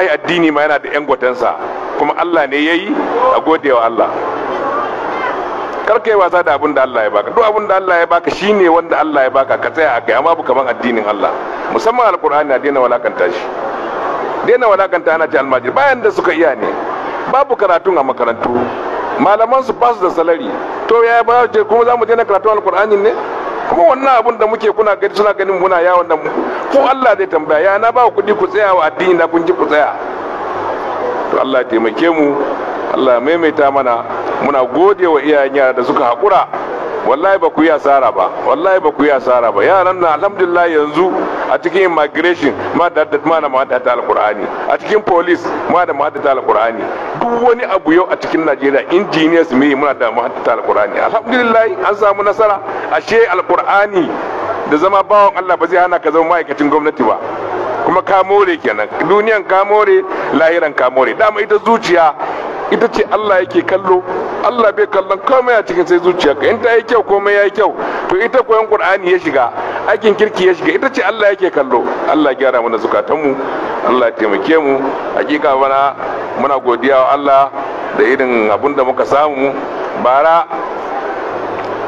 ai addini ma yana da yan gwatansa kuma Allah ne yayi a gode wa Allah karka yi wasa da abin da Allah ya baka duk abin da Allah ya baka shine wanda Allah ya baka ka tsaya a kai amma bu kaman addinin Allah musamman alqur'ani na daina walakanta shi daina walakanta ana ce almajiri bayan da suka iya ne babu karatun a makarantu malaman su ba su da salari to ya ba kuma za mu daina karatun alqur'ani ne kuma wannan abun da muke kuna gani suna ganin muna yawon nan ko Allah zai tambaya ya na ba kuɗi ku tsaya wa addini na kun ji ku tsaya to Allah taimake mu Allah maimaita mana muna gode wa iyayen yara da suka haƙura wallahi ba ku yi asara ba wallahi ba ku yi asara ba yaran na alhamdulillah yanzu a cikin immigration ma da ma da ta alqur'ani a cikin police ma da ta alqur'ani duk wani abu yau a cikin Najeriya engineers me muna da ta alqur'ani alhamdulillah an samu nasara ashe alkur'ani da zama bawan Allah ba zai hana ka zama ma'aikacin gwamnati ba kuma ka more kenan duniyan ka lahiran ka more dama ita zuciya ita ce Allah yake kallo Allah bai kallon komai a cikin sai zuciya ka in ta yi kyau komai ya yi kyau to ita koyon Qur'ani ya shiga aikin kirki ya shiga ita ce Allah yake kallo Allah gyara mana zukatanmu Allah ya taimake mu hakika mana muna godiya Allah da irin abun da muka samu bara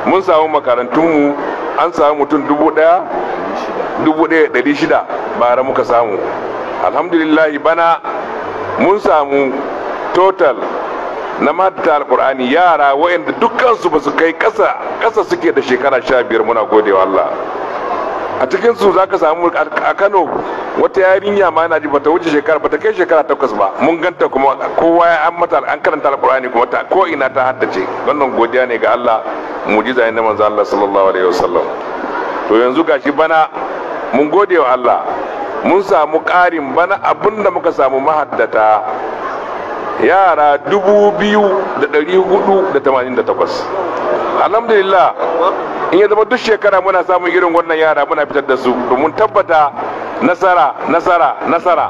mun samu makarantunmu an samu mutum dubu daya dubu daya dari shida bara muka samu alhamdulillahi bana mun samu total na mata alkur'ani yara wayanda dukkansu ba su kai kasa kasa suke da shekara sha biyar muna gode, Allah a cikin su ka samu a Kano wata yarinya ma na ji bata wuce shekara bata kai shekara takwas ba mun ganta kuma kowa ya an mata an karanta alkur'ani kuma ta ko ina ta haddace wannan godiya ne ga Allah mujiza inda manzo Allah sallallahu alaihi wasallam to yanzu gashi bana mun gode wa Allah mun samu ƙarin bana abinda muka samu mahaddata yara dubu biyu da ɗari hudu da tamanin da takwas alhamdulillah in ya zama duk shekara muna samun irin wannan yara muna fitar da su domin tabbata nasara nasara nasara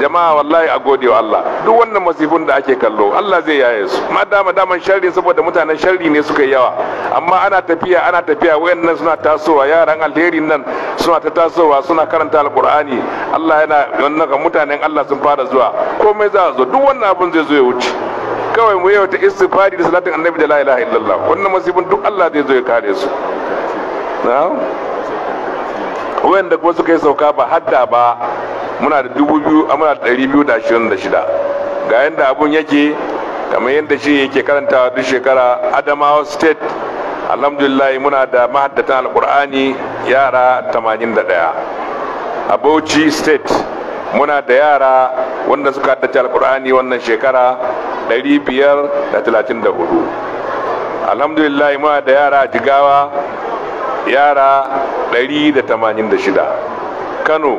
jama'a wallahi a gode wa Allah duk wannan masifun da ake kallo Allah zai yaye su ma dama daman sharri saboda mutanen sharri ne suka yi yawa amma ana tafiya ana tafiya wayannan suna tasowa yaran alheri nan suna ta tasowa suna karanta alqur'ani Allah yana wannan mutanen Allah sun fara zuwa komai za zo duk wannan abun zai zo ya wuce kawai mu yau ta istighfari da salatin annabi da la ilaha illallah wannan masifin duk Allah zai zo ya kare su na'am wayanda kuma suka yi sauka ba hadda ba muna da dubu biyu a muna da ɗari biyu da ashirin da shida ga yadda abun yake kamar yadda shi yake karanta duk shekara adamawa state alhamdulillah muna da mahaddatan alkur'ani yara tamanin ɗaya a bauchi state muna da yara wanda suka haddace alkur'ani wannan shekara biyar da da talatin hudu alhamdulillah muna da yara jigawa yara da da tamanin shida. kano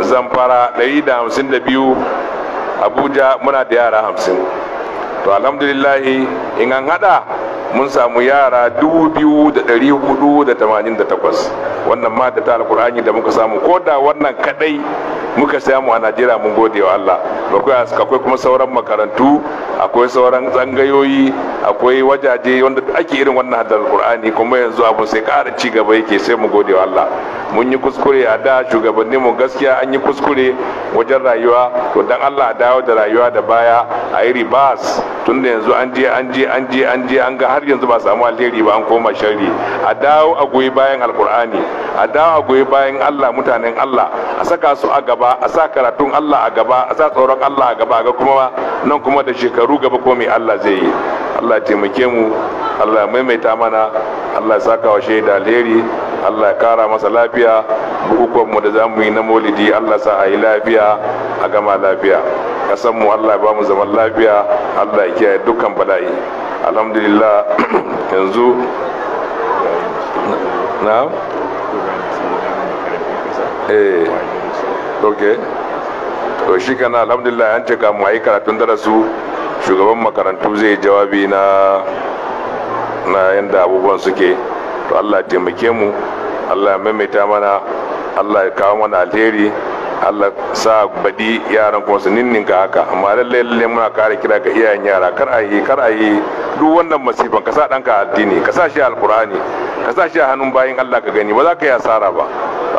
zamfara 152 abuja muna da yara 50 to alhamdulillahi in an hada mun samu yara 2,488 wannan ma da ta alkur'ani da muka samu ko da wannan kadai muka samu a najeriya mun gode wa allah akwai kuma sauran makarantu akwai sauran zangayoyi, akwai wajaje wanda ake irin wannan hadar alkur'ani kuma yanzu abu sai kara ci gaba yake sai mu gode wa allah mun yi kuskure a da shugabanni mu gaskiya an yi kuskure wajen rayuwa to dan Allah dawo da rayuwa da baya a yi ribas tun da yanzu an je an je an je an je an ga har yanzu ba samu alheri ba an koma sharri a dawo a goyi bayan alkur'ani a dawo a goyi bayan Allah mutanen Allah a saka su a gaba a sa karatun Allah a gaba a sa tsoron Allah a gaba ga kuma nan kuma da shekaru gaba ko mai Allah zai yi Allah taimake mu Allah maimaita mana Allah ya saka wa shaida alheri Allah ya kara masa lafiya bukukuwan mu da za mu yi na molidi Allah sa a yi lafiya a gama lafiya kasan mu Allah ya ba mu zaman lafiya Allah ya kiyaye dukkan bala'i alhamdulillah yanzu na eh okay to shi kana alhamdulillah an ce ga mu ayi karatun darasu shugaban makarantu zai jawabi na na yanda abubuwan suke to Allah ya taimake mu Allah ya maimaita mana Allah ya kawo mana alheri Allah sa baɗi yaran kuma su ninninka haka amma lallai lallai muna kare kira ga iyayen yara kar a yi kar a yi duk wannan masifan ka sa ɗanka addini ka sa shi alkur'ani ka sa shi a hannun bayin Allah ka gani ba za ka yi asara ba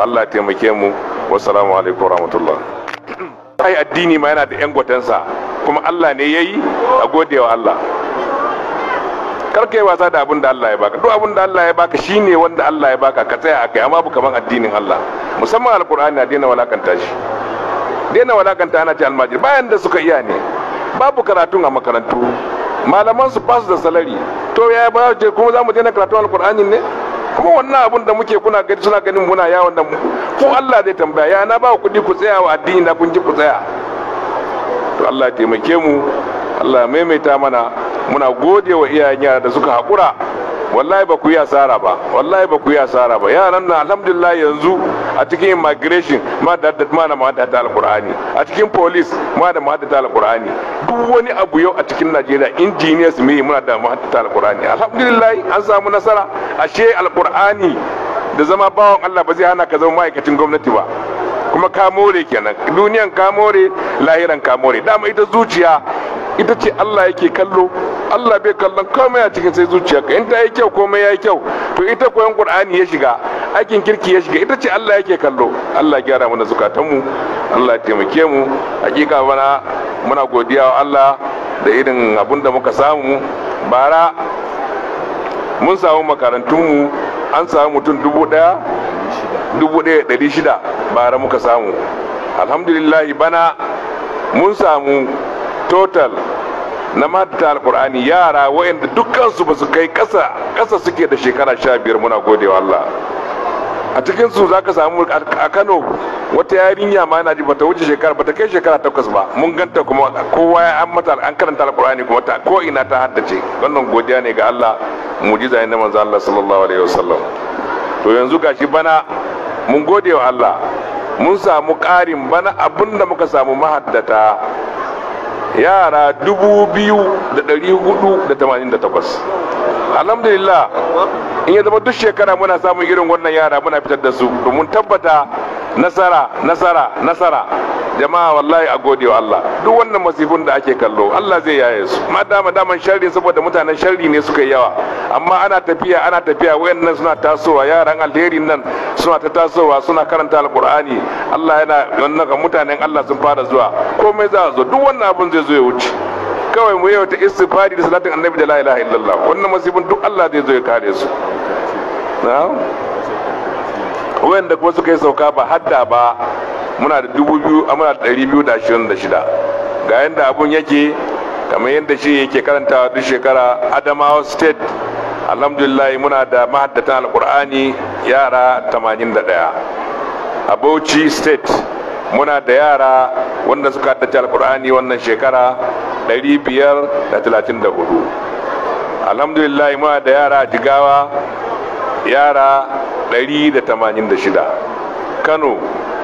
Allah ya taimake mu wassalamu alaikum warahmatullahi ai addini ma yana da yan gwatansa kuma Allah ne yayi a gode wa Allah karka yi wasa da abin da Allah ya baka duk abin da Allah ya baka shine wanda Allah ya baka ka tsaya akai amma bu kaman addinin Allah musamman alqur'ani a daina walakanta shi daina walakanta ana ce almajiri bayan da suka iya ne babu karatun a makarantu malaman su ba su da salari to ya ba je kuma za mu daina karatun alqur'ani ne kuma wannan abun da muke kuna gani suna ganin muna yawon nan ko Allah zai tambaya ya na ba ku kuɗi ku tsaya wa addini na kun ji ku tsaya to Allah ya taimake mu Allah ya maimaita mana muna gode wa iyayen yara da suka haƙura wallahi ba ku yi asara ba wallahi ba ku yi asara ba yaran na alhamdulillah yanzu a cikin immigration ma da ma da ma da alqur'ani a cikin police ma da ma da alqur'ani duk wani abu yau a cikin Najeriya engineers me muna da ma da alqur'ani alhamdulillah an samu nasara ashe alqur'ani da zama bawon Allah ba zai hana ka zama ma'aikacin gwamnati ba kuma ka more kenan duniyan ka more lahiran ka more dama ita zuciya ita ce Allah yake kallo Allah bai kallon komai a cikin sai ka in ta yi kyau komai ya yi kyau to ita koyon Qur'ani ya shiga aikin kirki ya shiga ita ce Allah yake kallo Allah gyara mana mu, Allah taimake mu hakika bana muna godiya wa Allah da irin abun da muka samu bara mun samu makarantunmu an samu mutum dubu ɗaya dubu ɗaya ɗari shida bara muka samu alhamdulillahi bana mun samu total na mata alkur'ani yara wa'anda dukkansu ba su kai ƙasa ƙasa suke da shekara sha biyar muna gode wa Allah a cikin su ka samu a Kano wata yarinya ma na ji bata wuce shekara bata kai shekara takwas ba mun ganta kuma kowa ya an mata an karanta alkur'ani kuma ta ko ina ta haddace wannan godiya ne ga Allah mujiza ne manzo Allah sallallahu alaihi wasallam to yanzu gashi bana mun gode wa Allah mun samu ƙarin bana abinda muka samu mahaddata yara dubu biyu da ɗari hudu da da takwas alhamdulillah in ya zama duk shekara muna samun irin wannan yara muna fitar da su domin tabbata nasara nasara nasara jama'a wallahi a gode wa Allah duk wannan masifun da ake kallo Allah zai yaye su ma dama daman sharri saboda mutanen sharri ne suka yi yawa amma ana tafiya ana tafiya wayannan suna tasowa yaran alheri nan suna ta tasowa suna karanta alqur'ani Allah yana wannan ga mutanen Allah sun fara zuwa komai za zo duk wannan abun zai zo ya wuce kawai mu yawa ta istifadi da salatin annabi da la ilaha illallah wannan masifun duk Allah zai zo ya kare su na'am wanda kuma suka yi sauka ba hadda ba muna da dubu biyu a muna da ɗari biyu da ashirin da shida ga yadda abun yake kamar yadda shi yake karanta duk shekara adamawa state alhamdulillah muna da mahaddatan alkur'ani yara tamanin ɗaya a bauchi state muna da yara wanda suka haddace alkur'ani wannan shekara hudu alhamdulillah muna da yara jigawa yara da da tamanin shida. kano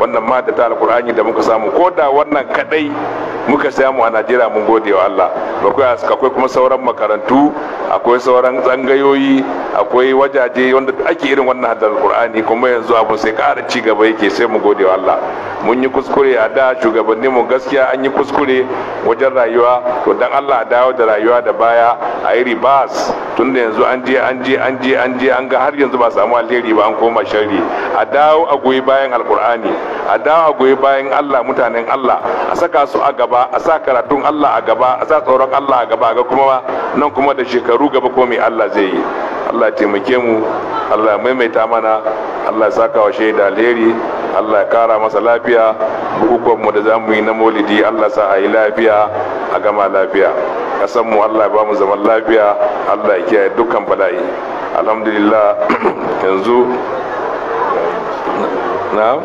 wannan da ta alkur'ani da muka samu ko da wannan kadai muka samu a najeriya mun gode wa allah akwai kuma sauran makarantu akwai sauran tsangayoyi akwai wajaje wanda ake irin wannan hadar alkur'ani kuma yanzu abun sai ƙara ci gaba yake sai mu gode wa allah mun yi kuskure a da shugabannin mu gaskiya an yi kuskure wajen rayuwa to dan allah a dawo da rayuwa da baya a yi ribas tunda yanzu an je an je an je an je an ga har yanzu ba samu alheri ba an koma sharri a dawo a goyi bayan alkur'ani a dawa goyi bayan Allah mutanen Allah a saka su a gaba a sa karatun Allah a gaba a sa tsoron Allah a gaba ga kuma nan kuma da shekaru gaba ko mai Allah zai yi Allah taimake mu Allah maimaita mana Allah ya saka wa shaida alheri Allah ya kara masa lafiya bukukuwan mu da zamu yi na maulidi Allah sa a yi lafiya a gama lafiya kasan mu Allah ya ba mu zaman lafiya Allah ya kiyaye dukkan bala'i alhamdulillah yanzu na'am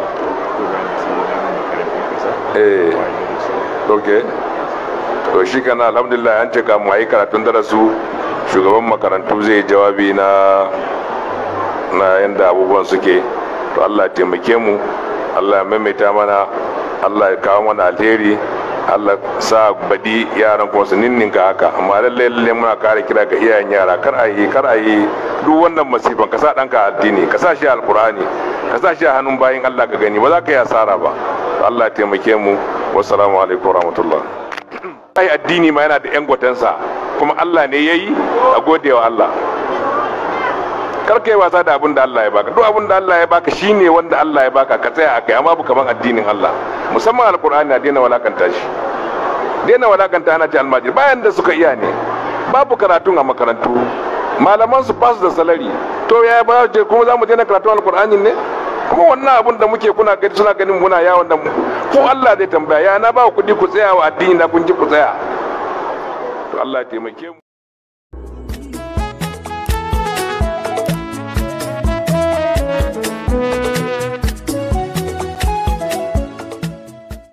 eh ok to shi kana alhamdulillah an ce ka mu yi karatun darasu shugaban makarantu zai jawabi na na yanda abubuwan suke to Allah taimake mu Allah maimaita mana Allah ya kawo mana alheri Allah sa badi yaran kuma su ninninka haka amma lallai lallai muna kare kira ga iyayen yara kar a yi kar a yi duk wannan masifan ka sa ɗanka addini ka sa shi alkur'ani ka sa shi a hannun bayan Allah ka gani ba za ka yi asara ba Allah taimake mu wassalamu alaikum warahmatullah ai addini ma yana da yan gwatansa kuma Allah ne yayi a godewa Allah kar wasa da abin da Allah ya baka duk abin da Allah ya baka shine wanda Allah ya baka ka tsaya akai amma buka man addinin Allah musamman alqur'ani na daina walakanta shi daina walakanta ana ce almajir bayan da suka iya ne babu karatun a makarantu malaman su ba su da salari to ya ba kuma za mu daina karatun alqur'ani ne kuma wannan abun da muke kuna gani suna ganin muna yawon da Ko Allah zai tambaya ya na ba kuɗi ku tsaya wa addini na kun ji ku tsaya to Allah ya taimake mu